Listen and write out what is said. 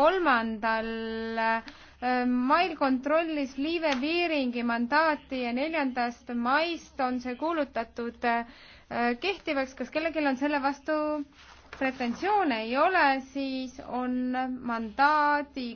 kolmandal äh, mail kontrollis Liive Viiringi mandaati ja neljandast maist on see kuulutatud äh, kehtivaks. kas kellelgi on selle vastu pretensioone? ei ole, siis on mandaadi